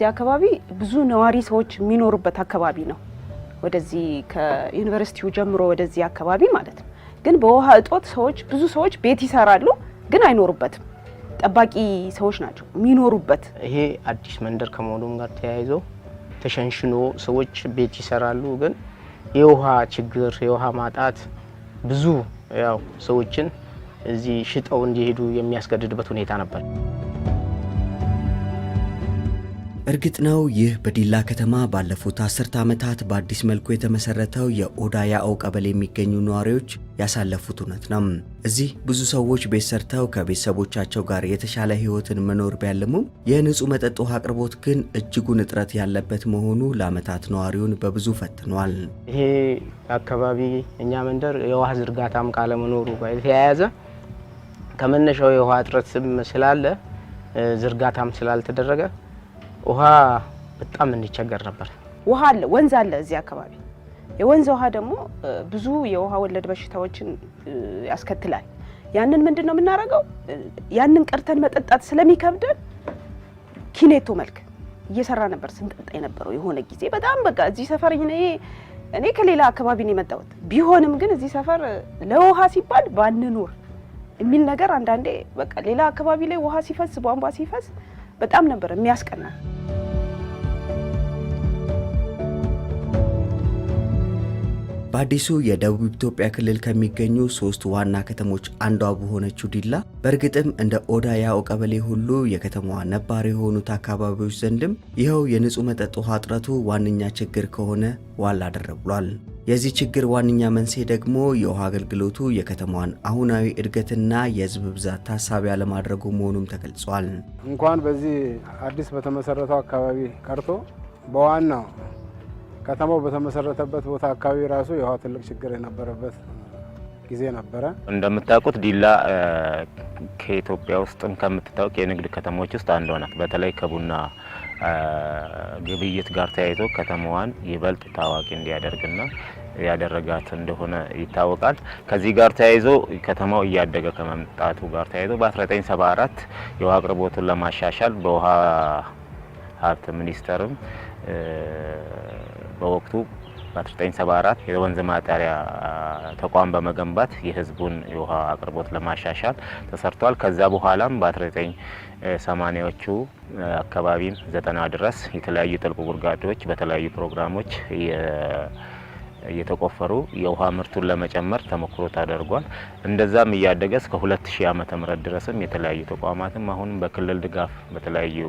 እዚህ አካባቢ ብዙ ነዋሪ ሰዎች የሚኖሩበት አካባቢ ነው። ወደዚህ ከዩኒቨርሲቲው ጀምሮ ወደዚህ አካባቢ ማለት ነው። ግን በውሃ እጦት ሰዎች ብዙ ሰዎች ቤት ይሰራሉ፣ ግን አይኖሩበትም። ጠባቂ ሰዎች ናቸው የሚኖሩበት። ይሄ አዲስ መንደር ከመሆኑም ጋር ተያይዞ ተሸንሽኖ ሰዎች ቤት ይሰራሉ፣ ግን የውሃ ችግር የውሃ ማጣት ብዙ ያው ሰዎችን እዚህ ሽጠው እንዲሄዱ የሚያስገድድበት ሁኔታ ነበር። እርግጥ ነው ይህ በዲላ ከተማ ባለፉት አስርተ ዓመታት በአዲስ መልኩ የተመሰረተው የኦዳ ያአው ቀበሌ የሚገኙ ነዋሪዎች ያሳለፉት እውነት ነው። እዚህ ብዙ ሰዎች ቤት ሰርተው ከቤተሰቦቻቸው ጋር የተሻለ ሕይወትን መኖር ቢያልሙም የንጹህ መጠጥ ውሃ አቅርቦት ግን እጅጉን እጥረት ያለበት መሆኑ ለዓመታት ነዋሪውን በብዙ ፈትኗል። ይሄ አካባቢ እኛ መንደር የውሃ ዝርጋታም ካለመኖሩ ጋር የተያያዘ ከመነሻው የውሃ ስም ስላለ ዝርጋታም ስላልተደረገ ውሃ በጣም እንቸገር ነበር። ውሃ አለ፣ ወንዝ አለ እዚህ አካባቢ። የወንዝ ውሃ ደግሞ ብዙ የውሃ ወለድ በሽታዎችን ያስከትላል። ያንን ምንድን ነው የምናደርገው? ያንን ቀርተን መጠጣት ስለሚከብደን ኪኔቶ መልክ እየሰራ ነበር ስንጠጣ የነበረው የሆነ ጊዜ በጣም በቃ እዚህ ሰፈር እኔ ከሌላ አካባቢ ነው የመጣሁት። ቢሆንም ግን እዚህ ሰፈር ለውሃ ሲባል ባንኖር የሚል ነገር አንዳንዴ በቃ ሌላ አካባቢ ላይ ውሃ ሲፈስ ቧንቧ ሲፈስ በጣም ነበር የሚያስቀና በአዲሱ የደቡብ ኢትዮጵያ ክልል ከሚገኙ ሶስት ዋና ከተሞች አንዷ በሆነችው ዲላ በእርግጥም እንደ ኦዳ ያኦ ቀበሌ ሁሉ የከተማዋ ነባር የሆኑት አካባቢዎች ዘንድም ይኸው የንጹህ መጠጥ ውሃ እጥረቱ ዋነኛ ችግር ከሆነ ዋል አደር ብሏል። የዚህ ችግር ዋነኛ መንስኤ ደግሞ የውሃ አገልግሎቱ የከተማዋን አሁናዊ እድገትና የህዝብ ብዛት ታሳቢ አለማድረጉ መሆኑም ተገልጿል። እንኳን በዚህ አዲስ በተመሰረተው አካባቢ ቀርቶ በዋናው ከተማው በተመሰረተበት ቦታ አካባቢ ራሱ የውሃ ትልቅ ችግር የነበረበት ጊዜ ነበረ። እንደምታውቁት ዲላ ከኢትዮጵያ ውስጥም ከምትታወቅ የንግድ ከተሞች ውስጥ አንዷ ናት። በተለይ ከቡና ግብይት ጋር ተያይዞ ከተማዋን ይበልጥ ታዋቂ እንዲያደርግና ያደረጋት እንደሆነ ይታወቃል። ከዚህ ጋር ተያይዞ ከተማው እያደገ ከመምጣቱ ጋር ተያይዞ በ1974 የውሃ አቅርቦቱን ለማሻሻል በውሃ ሀብት ሚኒስቴርም በወቅቱ በ1974 የወንዝ ማጣሪያ ተቋም በመገንባት የህዝቡን የውሃ አቅርቦት ለማሻሻል ተሰርቷል። ከዛ በኋላም በ1980ዎቹ አካባቢም ዘጠና ድረስ የተለያዩ ጥልቅ ጉድጓዶች በተለያዩ ፕሮግራሞች እየተቆፈሩ የውሃ ምርቱን ለመጨመር ተሞክሮ ታደርጓል። እንደዛም እያደገ እስከ 2000 ዓመተ ምህረት ድረስም የተለያዩ ተቋማትም አሁንም በክልል ድጋፍ በተለያዩ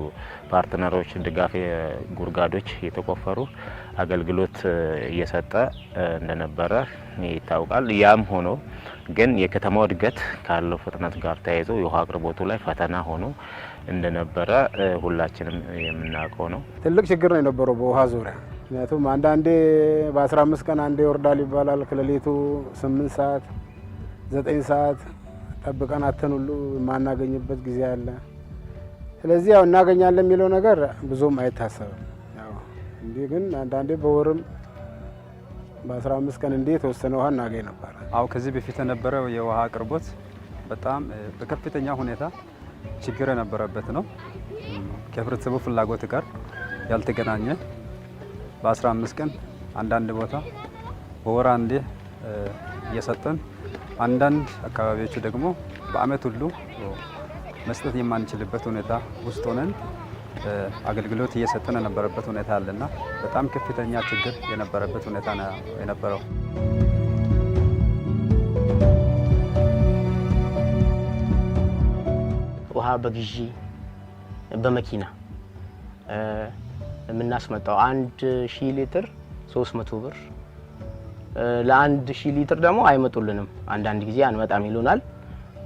ፓርትነሮች ድጋፍ ጉድጓዶች እየተቆፈሩ አገልግሎት እየሰጠ እንደነበረ ይታወቃል። ያም ሆኖ ግን የከተማው እድገት ካለው ፍጥነት ጋር ተያይዞ የውሃ አቅርቦቱ ላይ ፈተና ሆኖ እንደነበረ ሁላችንም የምናውቀው ነው። ትልቅ ችግር ነው የነበረው በውሃ ዙሪያ ምክንያቱም አንዳንዴ በ15 ቀን አንዴ ይወርዳል ይባላል። ከሌሊቱ 8 ሰዓት 9 ሰዓት ጠብቀን አተን ሁሉ የማናገኝበት ጊዜ አለ። ስለዚህ ያው እናገኛለን የሚለው ነገር ብዙም አይታሰብም። እንዲህ ግን አንዳንዴ በወርም በ15 ቀን እንዲህ የተወሰነ ውሃ እናገኝ ነበር። አው ከዚህ በፊት የነበረው የውሃ አቅርቦት በጣም በከፍተኛ ሁኔታ ችግር የነበረበት ነው። ከህብረተሰቡ ፍላጎት ጋር ያልተገናኘ በ15 ቀን አንዳንድ ቦታ በወር አንዴ እየሰጠን አንዳንድ አካባቢዎች ደግሞ በአመት ሁሉ መስጠት የማንችልበት ሁኔታ ውስጥ ሆነን አገልግሎት እየሰጠን የነበረበት ሁኔታ አለና በጣም ከፍተኛ ችግር የነበረበት ሁኔታ ነው የነበረው። ውሃ በግዢ በመኪና የምናስመጣው አንድ ሺ ሊትር 300 ብር ለአንድ ሺ ሊትር ደግሞ አይመጡልንም። አንዳንድ ጊዜ አንመጣም ይሉናል።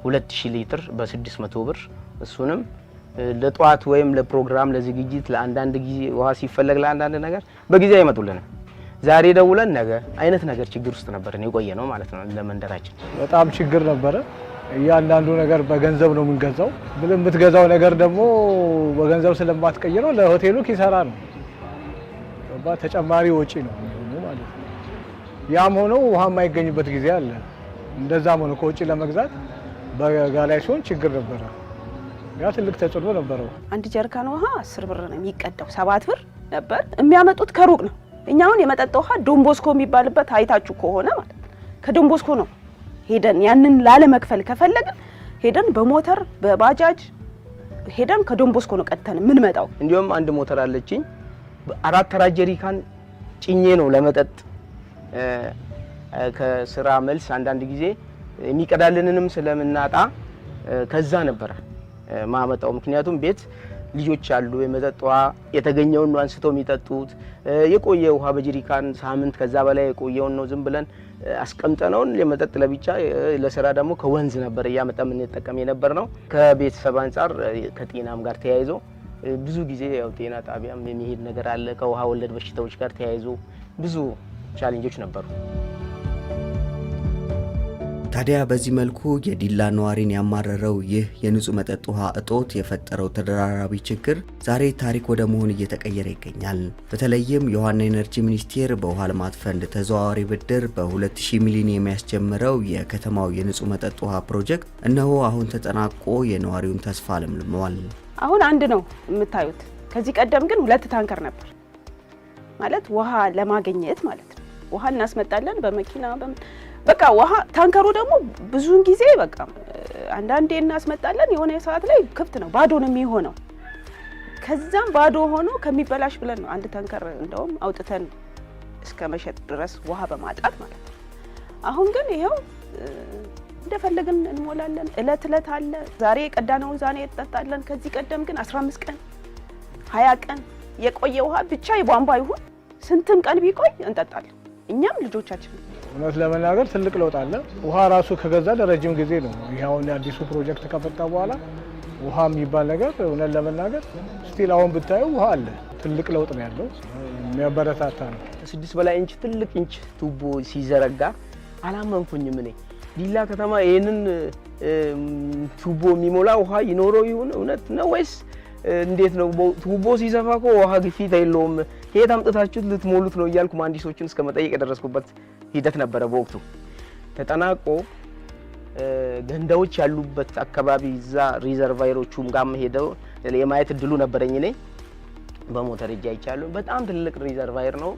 ሁለት ሺ ሊትር በ600 ብር እሱንም ለጠዋት ወይም ለፕሮግራም ለዝግጅት ለአንዳንድ ጊዜ ውሃ ሲፈለግ ለአንዳንድ ነገር በጊዜ አይመጡልንም። ዛሬ ደውለን ነገ አይነት ነገር ችግር ውስጥ ነበር የቆየ ነው ማለት ነው። ለመንደራችን በጣም ችግር ነበረ። እያንዳንዱ ነገር በገንዘብ ነው የምንገዛው። ምንም የምትገዛው ነገር ደግሞ በገንዘብ ስለማትቀይረው ለሆቴሉ ኪሰራ ነው። ስለሚገባ ተጨማሪ ወጪ ነው የሚሆነው ማለት ነው። ያም ሆኖ ውሃ የማይገኝበት ጊዜ አለ። እንደዛም ሆኖ ከውጭ ለመግዛት በጋ ላይ ሲሆን ችግር ነበረ። ያ ትልቅ ተጽዕኖ ነበረው። አንድ ጀሪካን ውሃ አስር ብር ነው የሚቀዳው። ሰባት ብር ነበር የሚያመጡት ከሩቅ ነው። እኛ አሁን የመጠጥ ውሃ ዶንቦስኮ የሚባልበት አይታችሁ ከሆነ ማለት ከዶንቦስኮ ነው ሄደን ያንን ላለመክፈል ከፈለግን ሄደን በሞተር በባጃጅ ሄደን ከዶንቦስኮ ነው ቀጥተን የምንመጣው። እንዲሁም አንድ ሞተር አለችኝ አራት አራት ጀሪካን ጭኜ ነው ለመጠጥ ከስራ መልስ አንዳንድ ጊዜ የሚቀዳልንንም ስለምናጣ ከዛ ነበረ ማመጣው። ምክንያቱም ቤት ልጆች አሉ፣ የመጠጥ ውሃ የተገኘውን ነው አንስተው የሚጠጡት። የቆየ ውሃ በጀሪካን ሳምንት ከዛ በላይ የቆየውን ነው ዝም ብለን አስቀምጠነውን የመጠጥ ለብቻ ለስራ ደግሞ ከወንዝ ነበር እያመጣ የምንጠቀም የነበር ነው። ከቤተሰብ አንጻር ከጤናም ጋር ተያይዞ ብዙ ጊዜ ያው ጤና ጣቢያም የሚሄድ ነገር አለ። ከውሃ ወለድ በሽታዎች ጋር ተያይዞ ብዙ ቻሌንጆች ነበሩ። ታዲያ በዚህ መልኩ የዲላ ነዋሪን ያማረረው ይህ የንጹህ መጠጥ ውሃ እጦት የፈጠረው ተደራራቢ ችግር ዛሬ ታሪክ ወደ መሆን እየተቀየረ ይገኛል። በተለይም የውሃና ኤነርጂ ሚኒስቴር በውሃ ልማት ፈንድ ተዘዋዋሪ ብድር በ 200 ሚሊዮን የሚያስጀምረው የከተማው የንጹህ መጠጥ ውሃ ፕሮጀክት እነሆ አሁን ተጠናቆ የነዋሪውን ተስፋ አለምልመዋል። አሁን አንድ ነው የምታዩት። ከዚህ ቀደም ግን ሁለት ታንከር ነበር ማለት ውሃ ለማግኘት ማለት ነው። ውሃ እናስመጣለን በመኪና በቃ ውሃ ታንከሩ ደግሞ ብዙውን ጊዜ በቃ አንዳንዴ እናስመጣለን፣ የሆነ ሰዓት ላይ ክፍት ነው ባዶ ነው የሚሆነው። ከዛም ባዶ ሆኖ ከሚበላሽ ብለን ነው አንድ ታንከር እንደውም አውጥተን እስከ መሸጥ ድረስ ውሃ በማጣት ማለት ነው። አሁን ግን ይኸው እንደፈለግን እንሞላለን። እለት እለት አለ። ዛሬ የቀዳነውን ዛኔ እንጠጣለን። ከዚህ ቀደም ግን 15 ቀን 20 ቀን የቆየ ውሃ ብቻ የቧንቧ ይሁን ስንትም ቀን ቢቆይ እንጠጣለን። እኛም ልጆቻችን እውነት ለመናገር ትልቅ ለውጥ አለ። ውሃ ራሱ ከገዛ ለረጅም ጊዜ ነው። ይኸውን አዲሱ ፕሮጀክት ከፈታ በኋላ ውሃ የሚባል ነገር እውነት ለመናገር ስቲል አሁን ብታየው ውሃ አለ። ትልቅ ለውጥ ነው ያለው። የሚያበረታታ ነው። ከስድስት በላይ ኢንች ትልቅ ኢንች ቱቦ ሲዘረጋ አላመንኩኝም እኔ ዲላ ከተማ ይህንን ቱቦ የሚሞላ ውሃ ይኖረው ይሁን እውነት ነው ወይስ እንዴት ነው? ቱቦ ሲሰፋ እኮ ውሃ ግፊት የለውም፣ ከየት አምጥታችሁት ልትሞሉት ነው እያልኩ መሀንዲሶችን እስከ መጠየቅ የደረስኩበት ሂደት ነበረ። በወቅቱ ተጠናቆ ገንዳዎች ያሉበት አካባቢ እዛ ሪዘርቫይሮቹም ጋር ሄደው የማየት እድሉ ነበረኝ። እኔ በሞተር እጃ ይቻሉ በጣም ትልቅ ሪዘርቫይር ነው።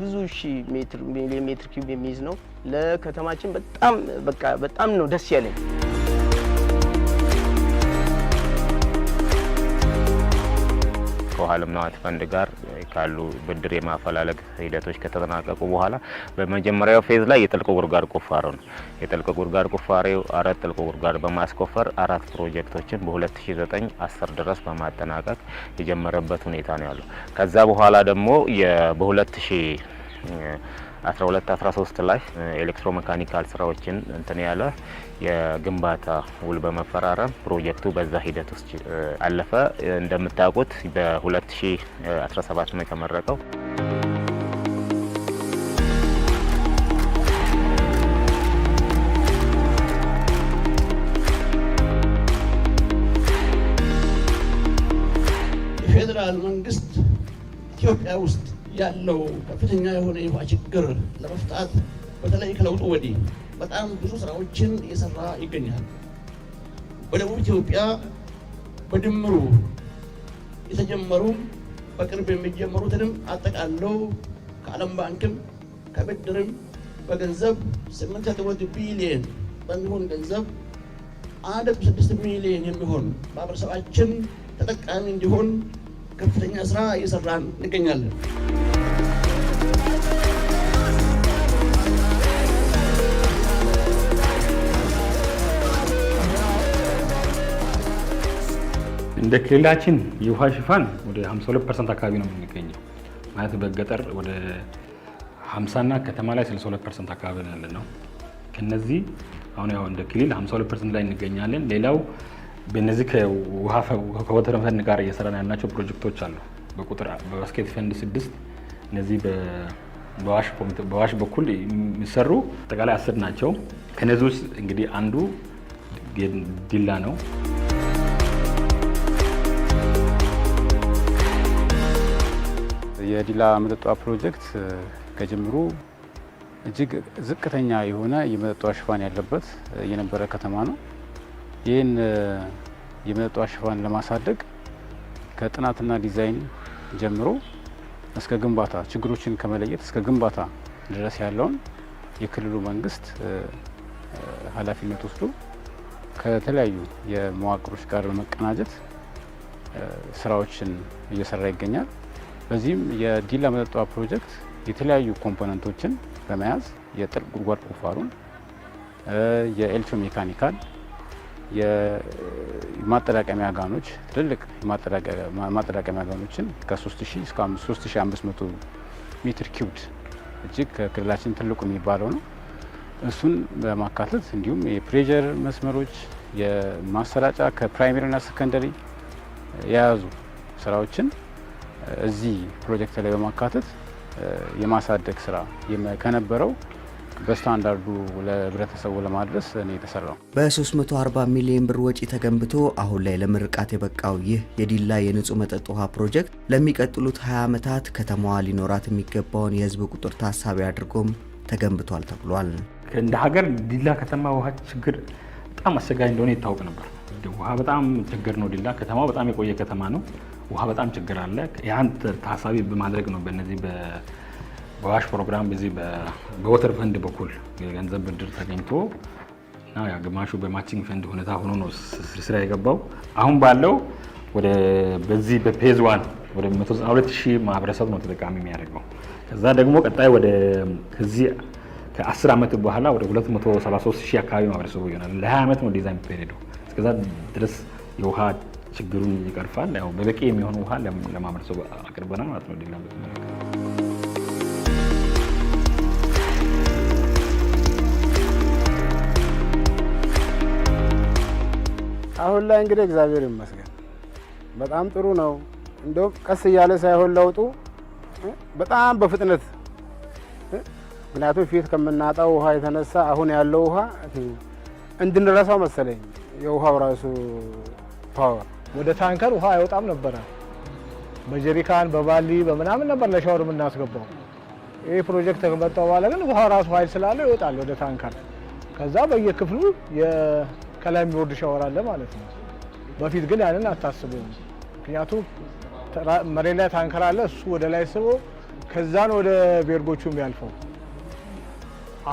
ብዙ ሺ ሜትር ሜትር ኪዩብ የሚይዝ ነው። ለከተማችን በጣም በቃ በጣም ነው ደስ ያለኝ። ከዓለም ልማት ፈንድ ጋር ካሉ ብድር የማፈላለግ ሂደቶች ከተጠናቀቁ በኋላ በመጀመሪያው ፌዝ ላይ የጥልቅ ጉድጓድ ቁፋሮ ነው። የጥልቅ ጉድጓድ ቁፋሬው አራት ጥልቅ ጉድጓድ በማስቆፈር አራት ፕሮጀክቶችን በ2009 10 ድረስ በማጠናቀቅ የጀመረበት ሁኔታ ነው ያለው። ከዛ በኋላ ደግሞ በ2000 12 13 ላይ ኤሌክትሮ መካኒካል ስራዎችን እንትን ያለ የግንባታ ውል በመፈራረም ፕሮጀክቱ በዛ ሂደት ውስጥ አለፈ። እንደምታውቁት በ2017 ነው የተመረቀው። የፌዴራል መንግስት ኢትዮጵያ ውስጥ ያለው ከፍተኛ የሆነ የውሃ ችግር ለመፍታት በተለይ ከለውጡ ወዲህ በጣም ብዙ ስራዎችን እየሰራ ይገኛል። በደቡብ ኢትዮጵያ በድምሩ የተጀመሩ በቅርብ የሚጀመሩትንም አጠቃለው ከዓለም ባንክም ከብድርም በገንዘብ 8 ቢሊየን በሚሆን ገንዘብ 16 ሚሊዮን የሚሆን ማህበረሰባችን ተጠቃሚ እንዲሆን ከፍተኛ ስራ እየሰራን እንገኛለን። እንደ ክልላችን የውሃ ሽፋን ወደ 52 ፐርሰንት አካባቢ ነው የምንገኘው። ማለት በገጠር ወደ 50 እና ከተማ ላይ 62 ፐርሰንት አካባቢ ነው ያለ ነው። ከነዚህ አሁን ያው እንደ ክልል 52 ፐርሰንት ላይ እንገኛለን። ሌላው በነዚህ ከወተር ፈንድ ጋር እየሰራን ያላቸው ፕሮጀክቶች አሉ። በቁጥር በባስኬት ፈንድ ስድስት እነዚህ በዋሽ በኩል የሚሰሩ አጠቃላይ አስር ናቸው። ከነዚህ ውስጥ እንግዲህ አንዱ ዲላ ነው። የዲላ መጠጧ ፕሮጀክት ከጅምሩ እጅግ ዝቅተኛ የሆነ የመጠጧ ሽፋን ያለበት የነበረ ከተማ ነው። ይህን የመጠጧ ሽፋን ለማሳደግ ከጥናትና ዲዛይን ጀምሮ እስከ ግንባታ ችግሮችን ከመለየት እስከ ግንባታ ድረስ ያለውን የክልሉ መንግስት ኃላፊነት ወስዶ ከተለያዩ የመዋቅሮች ጋር በመቀናጀት ስራዎችን እየሰራ ይገኛል። በዚህም የዲላ መጠጥ ውሃ ፕሮጀክት የተለያዩ ኮምፖነንቶችን በመያዝ የጥልቅ ጉድጓድ ቁፋሩን፣ የኤሌክትሮ ሜካኒካል፣ የማጠራቀሚያ ጋኖች ትልልቅ ማጠራቀሚያ ጋኖችን ከ3000 እስከ 3500 ሜትር ኪውብድ እጅግ ከክልላችን ትልቁ የሚባለው ነው። እሱን በማካተት እንዲሁም የፕሬዠር መስመሮች የማሰራጫ ከፕራይመሪና ሰከንደሪ የያዙ ስራዎችን እዚህ ፕሮጀክት ላይ በማካተት የማሳደግ ስራ ከነበረው በስታንዳርዱ ለህብረተሰቡ ለማድረስ እኔ የተሰራው በ340 ሚሊዮን ብር ወጪ ተገንብቶ አሁን ላይ ለምርቃት የበቃው ይህ የዲላ የንጹህ መጠጥ ውሃ ፕሮጀክት ለሚቀጥሉት 20 ዓመታት ከተማዋ ሊኖራት የሚገባውን የህዝብ ቁጥር ታሳቢ አድርጎም ተገንብቷል ተብሏል። እንደ ሀገር ዲላ ከተማ ውሃ ችግር በጣም አሰጋኝ እንደሆነ ይታወቅ ነበር። ውሃ በጣም ችግር ነው። ዲላ ከተማው በጣም የቆየ ከተማ ነው። ውሃ በጣም ችግር አለ። ያን ታሳቢ በማድረግ ነው በነዚህ በዋሽ ፕሮግራም በዚህ በወተር ፈንድ በኩል የገንዘብ ብድር ተገኝቶ እና ያ ግማሹ በማቺንግ ፈንድ ሁኔታ ሆኖ ነው ስራ የገባው። አሁን ባለው ወደ በዚህ በፔዝ ዋን ወደ 192 ሺህ ማህበረሰብ ነው ተጠቃሚ የሚያደርገው። ከዛ ደግሞ ቀጣይ ወደ ከዚህ ከ10 ዓመት በኋላ ወደ 233 ሺህ አካባቢ ማህበረሰቡ ይሆናል። ለ20 ዓመት ነው ዲዛይን ፔሪዱ እስከዛ ድረስ የውሃ ችግሩን ይቀርፋል። ያው በበቂ የሚሆኑ ውሃ ለማምረሰው አቅርበናል ማለት ነው። ሌላ አሁን ላይ እንግዲህ እግዚአብሔር ይመስገን በጣም ጥሩ ነው። እንደውም ቀስ እያለ ሳይሆን ለውጡ በጣም በፍጥነት ምክንያቱም ፊት ከምናጣው ውሃ የተነሳ አሁን ያለው ውሃ እንድንረሳው መሰለኝ የውሃው ራሱ ፓወር ወደ ታንከር ውሃ አይወጣም ነበረ። በጀሪካን በባሊ በምናምን ነበር ለሻወር የምናስገባው። ይህ ፕሮጀክት ከመጣ በኋላ ግን ውሃ ራሱ ኃይል ስላለው ይወጣል ወደ ታንከር። ከዛ በየክፍሉ ከላይ የሚወርድ ሻወር አለ ማለት ነው። በፊት ግን ያንን አታስብም። ምክንያቱም መሬት ላይ ታንከር አለ፣ እሱ ወደ ላይ ስቦ ከዛን ወደ ቤርጎቹ የሚያልፈው።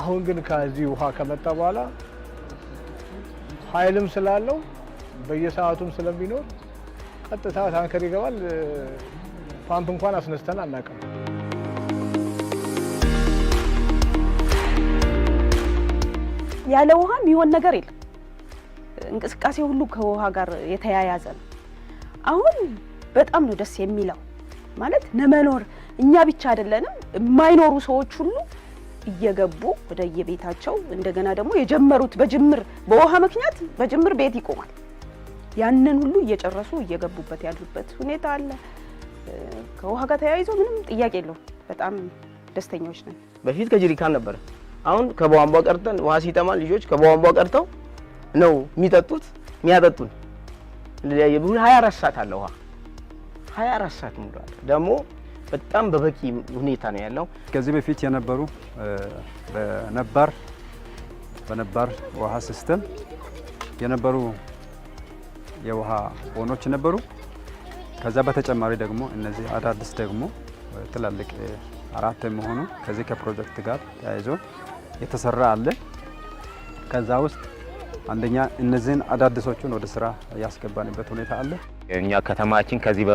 አሁን ግን ከዚህ ውሃ ከመጣ በኋላ ኃይልም ስላለው በየሰዓቱም ስለሚኖር ቀጥታ ታንከር ይገባል። ፓምፕ እንኳን አስነስተን አናውቅም። ያለ ውሃ የሚሆን ነገር የለም። እንቅስቃሴ ሁሉ ከውሃ ጋር የተያያዘ ነው። አሁን በጣም ነው ደስ የሚለው ማለት ነመኖር እኛ ብቻ አይደለንም የማይኖሩ ሰዎች ሁሉ እየገቡ ወደ የቤታቸው እንደገና ደግሞ የጀመሩት በጅምር በውሃ ምክንያት በጅምር ቤት ይቆማል። ያንን ሁሉ እየጨረሱ እየገቡበት ያሉበት ሁኔታ አለ። ከውሃ ጋር ተያይዞ ምንም ጥያቄ የለውም። በጣም ደስተኛዎች ነን። በፊት ከጀሪካን ነበረ፣ አሁን ከቧንቧ ቀርተን ውሃ ሲጠማን ልጆች ከቧንቧ ቀርተው ነው የሚጠጡት የሚያጠጡን። ሀያ አራት ሰዓት አለ ውሃ ሀያ አራት ሰዓት ሙሉ አለ ደግሞ በጣም በበቂ ሁኔታ ነው ያለው። ከዚህ በፊት የነበሩ በነባር በነባር ውሃ ሲስተም የነበሩ የውሃ ቦኖች ነበሩ። ከዛ በተጨማሪ ደግሞ እነዚህ አዳዲስ ደግሞ ትላልቅ አራት የሚሆኑ ከዚህ ከፕሮጀክት ጋር ተያይዞ የተሰራ አለ። ከዛ ውስጥ አንደኛ እነዚህን አዳዲሶቹን ወደ ስራ ያስገባንበት ሁኔታ አለ። እኛ ከተማችን ከዚህ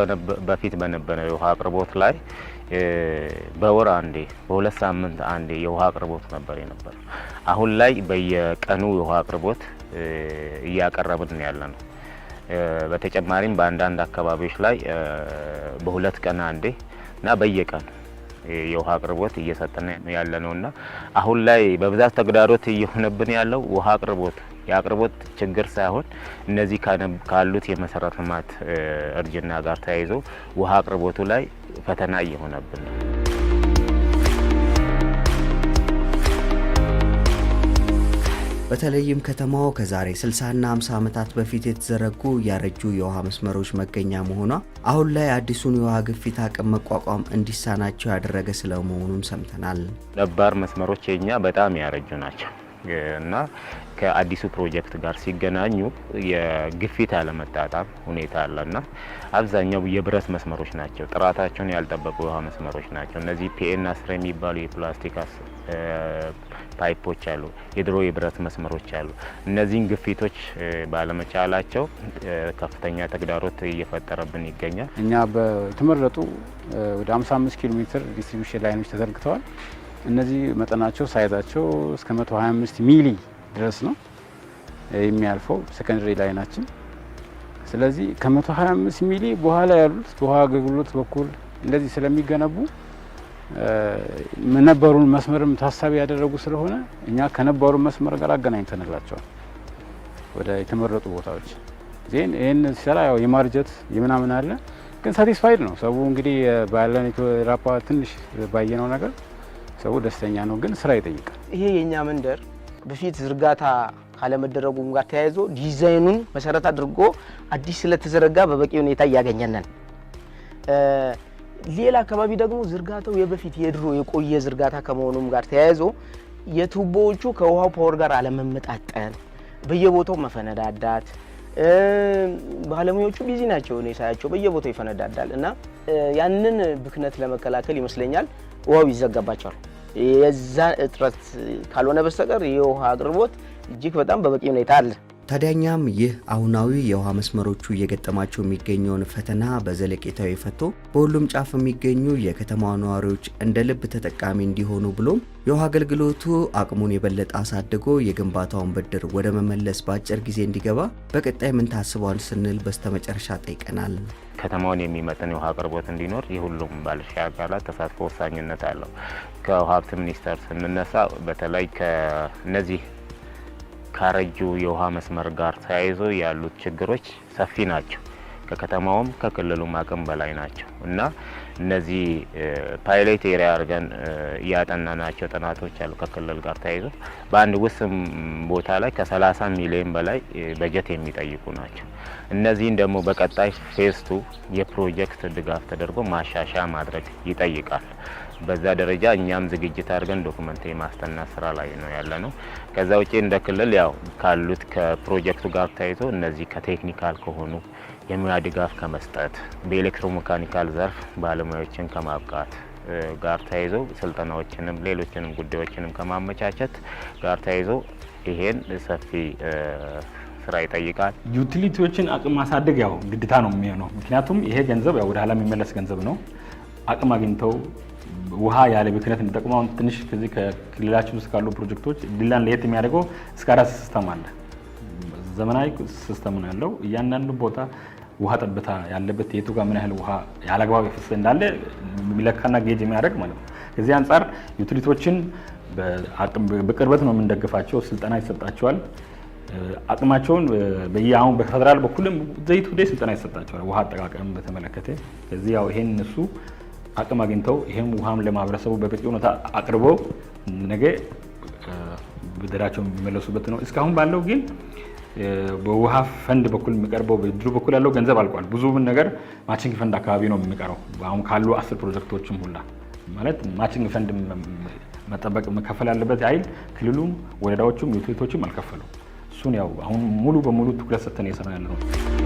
በፊት በነበረው የውሃ አቅርቦት ላይ በወር አንዴ በሁለት ሳምንት አንዴ የውሃ አቅርቦት ነበር የነበረ። አሁን ላይ በየቀኑ የውሃ አቅርቦት እያቀረብን ያለ ነው። በተጨማሪም በአንዳንድ አካባቢዎች ላይ በሁለት ቀን አንዴ እና በየቀኑ የውሃ አቅርቦት እየሰጠን ያለ ነው እና አሁን ላይ በብዛት ተግዳሮት እየሆነብን ያለው ውሃ አቅርቦት የአቅርቦት ችግር ሳይሆን እነዚህ ካሉት የመሰረተ ልማት እርጅና ጋር ተያይዞ ውሃ አቅርቦቱ ላይ ፈተና እየሆነብን ነው። በተለይም ከተማዋ ከዛሬ 60 እና 50 ዓመታት በፊት የተዘረጉ ያረጁ የውሃ መስመሮች መገኛ መሆኗ አሁን ላይ አዲሱን የውሃ ግፊት አቅም መቋቋም እንዲሳናቸው ያደረገ ስለመሆኑም ሰምተናል። ነባር መስመሮች የኛ በጣም ያረጁ ናቸው እና ከአዲሱ ፕሮጀክት ጋር ሲገናኙ የግፊት አለመጣጣም ሁኔታ አለና አብዛኛው የብረት መስመሮች ናቸው፣ ጥራታቸውን ያልጠበቁ የውሃ መስመሮች ናቸው። እነዚህ ፒኤን አስር የሚባሉ የፕላስቲክ ፓይፖች አሉ፣ የድሮ የብረት መስመሮች አሉ። እነዚህን ግፊቶች ባለመቻላቸው ከፍተኛ ተግዳሮት እየፈጠረብን ይገኛል። እኛ በተመረጡ ወደ 55 ኪሎ ሜትር ዲስትሪቢሽን ላይኖች ተዘርግተዋል። እነዚህ መጠናቸው ሳይዛቸው እስከ 125 ሚሊ ድረስ ነው የሚያልፈው ላይ ላይናችን። ስለዚህ ከ125 ሚሊ በኋላ ያሉት በውሃ አገልግሎት በኩል እንደዚህ ስለሚገነቡ ነበሩን መስመርም ታሳቢ ያደረጉ ስለሆነ እኛ ከነባሩ መስመር ጋር አገናኝተንላቸዋል ወደ የተመረጡ ቦታዎች። ዜን ይህን ሲሰራ ያው የማርጀት የምናምን አለ፣ ግን ሳቲስፋይድ ነው ሰው። እንግዲህ ባለን ራፓ ትንሽ ባየነው ነገር ሰው ደስተኛ ነው፣ ግን ስራ ይጠይቃል። ይሄ የእኛ መንደር በፊት ዝርጋታ ካለመደረጉም ጋር ተያይዞ ዲዛይኑን መሰረት አድርጎ አዲስ ስለተዘረጋ በበቂ ሁኔታ እያገኘነን። ሌላ አካባቢ ደግሞ ዝርጋታው የበፊት የድሮ የቆየ ዝርጋታ ከመሆኑም ጋር ተያይዞ የቱቦዎቹ ከውሃው ፓወር ጋር አለመመጣጠን፣ በየቦታው መፈነዳዳት ባለሙያዎቹ ቢዚ ናቸው። እኔ ሳያቸው በየቦታው ይፈነዳዳል እና ያንን ብክነት ለመከላከል ይመስለኛል ውሃው ይዘጋባቸዋል። የዛን እጥረት ካልሆነ በስተቀር የውሃ አቅርቦት እጅግ በጣም በበቂ ሁኔታ አለ። ታዲያኛም ይህ አሁናዊ የውሃ መስመሮቹ እየገጠማቸው የሚገኘውን ፈተና በዘለቄታዊ ፈቶ በሁሉም ጫፍ የሚገኙ የከተማዋ ነዋሪዎች እንደ ልብ ተጠቃሚ እንዲሆኑ ብሎም የውሃ አገልግሎቱ አቅሙን የበለጠ አሳድጎ የግንባታውን ብድር ወደ መመለስ በአጭር ጊዜ እንዲገባ በቀጣይ ምን ታስቧል ስንል በስተመጨረሻ ጠይቀናል። ከተማውን የሚመጥን የውሃ አቅርቦት እንዲኖር የሁሉም ባለድርሻ አካላት ተሳትፎ ወሳኝነት አለው። ከውሃ ሀብት ሚኒስቴር ስንነሳ በተለይ ከነዚህ ካረጂው የውሃ መስመር ጋር ተያይዞ ያሉት ችግሮች ሰፊ ናቸው። ከከተማውም ከክልሉም አቅም በላይ ናቸው እና እነዚህ ፓይሌት ኤሪያ አድርገን እያጠናናቸው ጥናቶች አሉ። ከክልል ጋር ተያይዞ በአንድ ውስን ቦታ ላይ ከ30 ሚሊዮን በላይ በጀት የሚጠይቁ ናቸው። እነዚህን ደግሞ በቀጣይ ፌስቱ የፕሮጀክት ድጋፍ ተደርጎ ማሻሻያ ማድረግ ይጠይቃል። በዛ ደረጃ እኛም ዝግጅት አድርገን ዶክመንት የማስጠናት ስራ ላይ ነው ያለ ነው። ከዛ ውጭ እንደ ክልል ያው ካሉት ከፕሮጀክቱ ጋር ታይቶ እነዚህ ከቴክኒካል ከሆኑ የሙያ ድጋፍ ከመስጠት በኤሌክትሮሜካኒካል ዘርፍ ባለሙያዎችን ከማብቃት ጋር ተያይዞ ስልጠናዎችንም ሌሎችንም ጉዳዮችንም ከማመቻቸት ጋር ተያይዞ ይሄን ሰፊ ስራ ይጠይቃል። ዩቲሊቲዎችን አቅም ማሳደግ ያው ግድታ ነው የሚሆነው። ምክንያቱም ይሄ ገንዘብ ያው ወደ ኋላ የሚመለስ ገንዘብ ነው። አቅም አግኝተው ውሃ ያለ ብክነት እንጠቅመው ትንሽ ከዚህ ከክልላችን ውስጥ ካሉ ፕሮጀክቶች ዲላን ለየት የሚያደርገው እስከ አራት ሲስተም አለ። ዘመናዊ ሲስተም ነው ያለው። እያንዳንዱ ቦታ ውሃ ጠብታ ያለበት የቱ ጋር ምን ያህል ውሃ ያለአግባብ የፈሰ እንዳለ የሚለካና ጌጅ የሚያደርግ ማለት ነው። ከዚህ አንጻር ዩቲሊቲዎችን በቅርበት ነው የምንደግፋቸው። ስልጠና ይሰጣቸዋል። አቅማቸውን በየአሁን በፌደራል በኩልም ዘይቱ ዴ ስልጠና ይሰጣቸዋል። ውሃ አጠቃቀም በተመለከተ ከዚህ ያው ይሄን እነሱ አቅም አግኝተው ይህም ውሃም ለማህበረሰቡ በበቂ ሁኔታ አቅርበው ነገ ብድራቸው የሚመለሱበት ነው። እስካሁን ባለው ግን በውሃ ፈንድ በኩል የሚቀርበው በድሩ በኩል ያለው ገንዘብ አልቋል። ብዙ ነገር ማችንግ ፈንድ አካባቢ ነው የሚቀረው። አሁን ካሉ አስር ፕሮጀክቶችም ሁላ ማለት ማችንግ ፈንድ መጠበቅ መከፈል ያለበት አይል ክልሉም ወረዳዎቹም ዩቲሊቲዎችም አልከፈሉም። እሱን ያው አሁን ሙሉ በሙሉ ትኩረት ሰጥተን እየሰራ ያለ ነው።